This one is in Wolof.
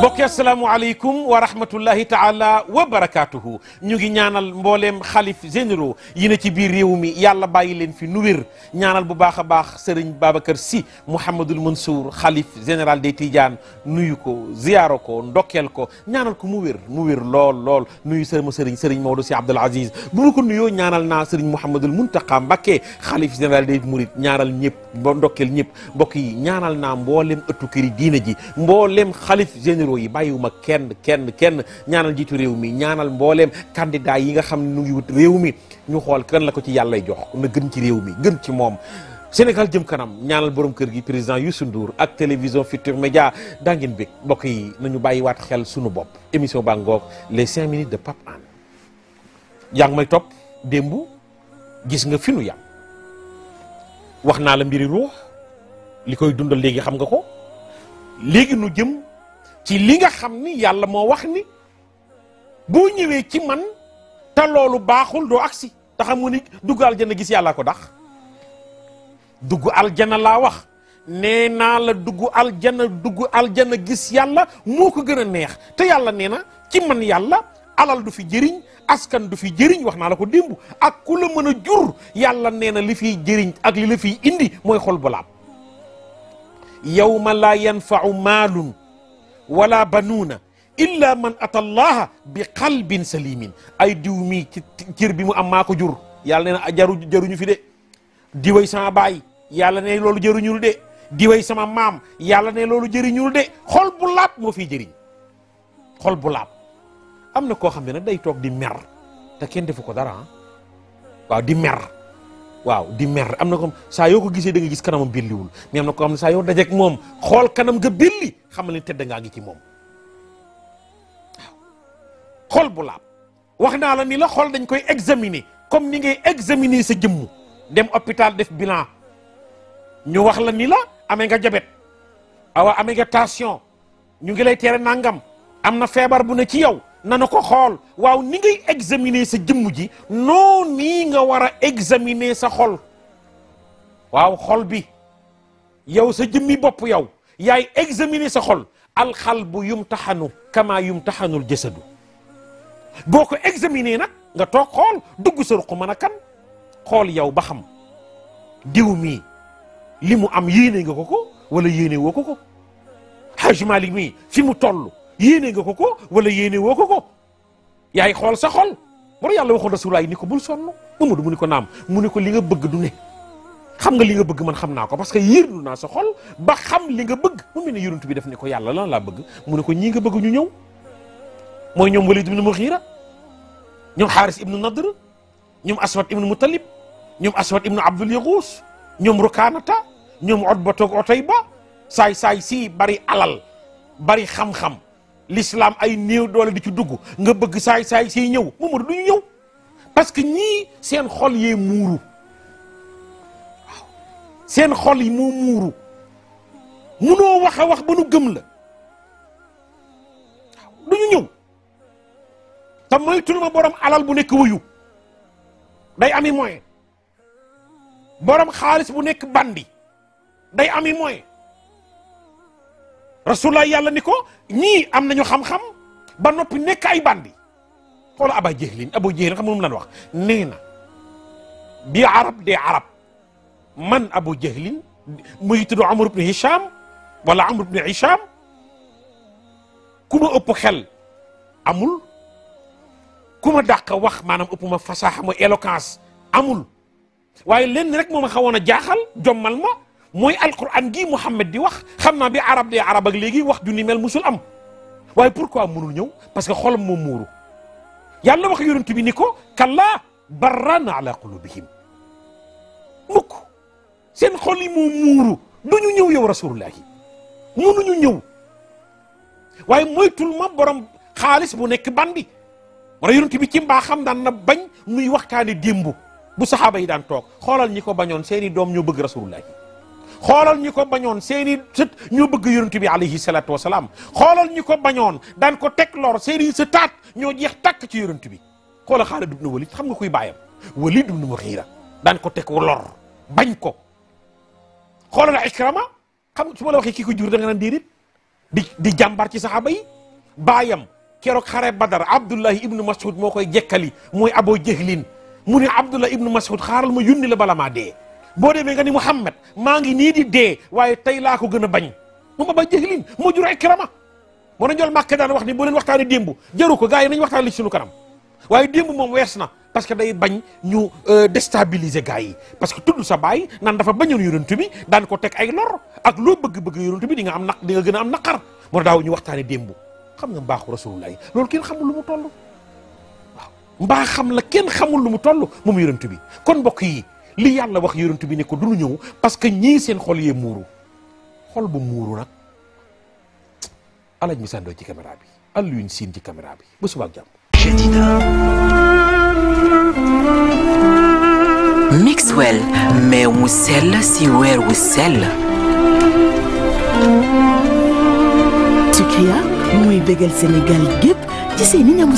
mbokki asalaamualeykum wa rahmatullahi taala wa barakaatuhu ñu ngi ñaanal mbooleem xalif généraux yi na ci biir réew mi yàlla bàyyi leen fi nu wér ñaanal bu baax a baax sëriñ Babacar Sy Mouhamadul Mansour xalif général des Tidianes nuyu ko ziyaaro ko ndokkeel ko ñaanal ko mu wér mu wér lool lool nuyu sama sëriñ sëriñ Maodo Sy Abdoul Aziz bu ma ko nuyoo ñaanal naa sëriñ Mouhamadul Mountakha Mbacké xalif général des Mourides ñaanal ñëpp ndokkeel ñëpp mbokk yi ñaanal naa mbooleem ëttu këri diina ji mbooleem xalif généraux bureau yi bàyyiwuma kenn kenn kenn ñaanal jiitu réew mi ñaanal mbooleem candidat yi nga xam ne nu ngi wut réew mi ñu xool kan la ko ci yàllay jox na gën ci réew mi gën ci moom Sénégal jëm kanam ñaanal boroom kër gi président Youssou Ndour ak télévision Futur Média daa ngeen bég mbokk yi nañu bàyyi waat xel sunu bopp émission baa ngoog les cinq minutes de Pape Hann yaa ngi may topp démb gis nga fi nu wax naa la mbiri ruux li koy dundal léegi xam ko ci li nga xam ni yàlla moo wax ni boo ñëwee ci man te loolu baaxul doo aksi te xam nga ni dugg aljana gis yàlla ko dax dugg aljana laa wax nee naa la dugg aljana dugg aljana gis yàlla moo ko gën a neex te yàlla nee na ci man yàlla alal du fi jëriñ askan du fi jëriñ wax naa la ko démb ak ku la mën a jur yàlla nee na li fi jëriñ ak li la fiy indi mooy xol bu laab laa yanfau maalun wala banuuna illa man ata allaha bi qalbin salimin ay diw mii bi mu am maa ko jur yàlla nee na jaru jaruñu fi de diway sama baay yàlla ne loolu jëriñul de diway sama maam yàlla ne loolu jëriñul de xol bu laab moo fiy jëriñ xol bu laab am na koo xam ne nag day toog di mer ta kenn defu ko dara ah. waaw di mer waaw di mer am na ko saa yoo ko gisee da gis kanamam billiwul mais am na ko xam ne saa yoo dajeek moom xool kanam nga billi xamal ni tedd ngaa ngi ci moom xool bu laab wax naa la ni la xool dañ koy examiner comme ni ngay examiner sa jëmm dem hôpital def bilan ñu wax la ni la amee nga jabet awa amee nga tension ñu ngi lay tere nangam am na feebar bu ne ci yow nanu ko xool waaw ni ngay examiner sa jëmm ji noo nii nga war a examiner sa xol waaw xol bi yow sa jëmmi bopp yow yaay examiner sa xol alxalbu yumtaxanu kama yumtaxanul jasadu boo ko examiner nag nga toog xool dugg sa ruq mën a kan xool yow ba xam diw mii li mu am yéene nga ko ko wala yéene woo ko ko Hajj Malik mii fi mu toll yéene nga ko ko wala yéene woo ko ko yaay xool sa xol war yàlla waxoon rasulaay ni ko bul sonn Mamadou mu ni ko naam mu ni ko li nga bëgg du ne xam nga li nga bëgg man xam naa ko parce que yërnu naa sa xol ba xam li nga bëgg mu mel ne yonent bi def ni ko yàlla lan laa bëgg mu ne ko ñii nga bëgg ñu ñëw mooy ñoom Walid ibnu Mughira ñoom Xaaris ibnu Nadr ñoom Aswad ibnu Mutalib ñoom Aswad ibnu Abdul Yaguus ñoom Rukaanata ñoom Utbatoog Otayba saay si bari alal bari l'islam ay néew doole di ci dugg nga bëgg saay saay siy ñëw Mamadou du ñu ñëw parce que ñii seen xol yee muuru seen xol yi moo muuru munoo wax a wax ba nu gëm la du ñu ñëw te moytul ma borom alal bu nekk wuyu day ami moyen borom xaalis bu nekk bandi day ami moyen rasulullah yàlla ni ko ñii am nañu xam-xam ba noppi nekk ay bandi xoola aba jeexlin abo jeexlin xam moom lan wax nee na bi arab de arab man abu jahlin muy tudd amr ibn hisham wala amr ibn hisham ku ma ëpp xel amul ku ma dàq wax maanaam ëpp ma fasaxa mooy éloquence amul waaye lenn rek moo ma xawoon a jaaxal jommal ma mooy alquran gii Mouhamed di wax xam naa bi arab dee arab ak léegi wax junni ni mel musul am waaye pourquoi mënul ñëw parce que xolam moom muuru yàlla wax yonent bi ni ko kallaa barrana ala qulubihim mukk seen xol yi moom muuru duñu ñëw yow rasulullahi mënuñu ñëw waaye moytul ma borom xaalis bu nekk bandi wala yonent bi ci mbaaxam daan na bañ nuy waxtaane démb bu saxaaba yi daan toog xoolal ñi ko bañoon seeni doom ñoo bëgg rasulullahi xoolal ñi ko bañoon seeni sët ñoo bëgg yonent bi alayhi salaatu wasalaam xoolal ñi ko bañoon daan ko teg lor seeni sëtaat ñoo jeex tàkk ci yonent bi xoolal Xaalid ibn Walid xam nga kuy bàyyam Walid ibn Mughira daan ko teg lor bañ ko xoolal Ikrama xam su ma la waxee kii ko jur da nga naan déedéet di di jàmbar ci saxaaba yi baayam keroog xare Badar Abdullahi ibnu Mas'ud moo koy jekkali mooy Aboo Jahlin mu ne Abdullah ibnu Mas'ud xaaral ma yónni la bala maa dee boo demee nga ni Muhammad maa ngi nii di dee waaye tey laa ko gën a bañ mu ma ba jéglin moo jur Ikrama moo na ñool Màkka daan wax ni boo leen waxtaane démb jaru ko gars yi nañ waxtaan li sunu kanam waaye démb moom wees na parce que day bañ ñu euh, déstabiliser gars yi parce que tudd sa baay naan dafa bañoon yonent bi daan ko teg ay lor ak loo bëgg-bëgg yonent bi di nga am naq di gën a am naqar moo daaw ñu waxtaane démb xam nga mbaaxu rasulullah loolu kenn xamul lu mu toll waaw mbaa xam la kenn xamul lu mu toll moom yonent bi kon mbokk yi li yàlla wax yonent bi ne ko du ñëw parce que ñii seen xol yee muuru xol bu muuru nag alaaj mi sàndoo ci caméra bi Alioune Sine ci caméra bi ba suba ak jàmm Mixwell meew mu sell si weer wu sell Sucria mooy bégal Sénégal gépp ci seeni ñamu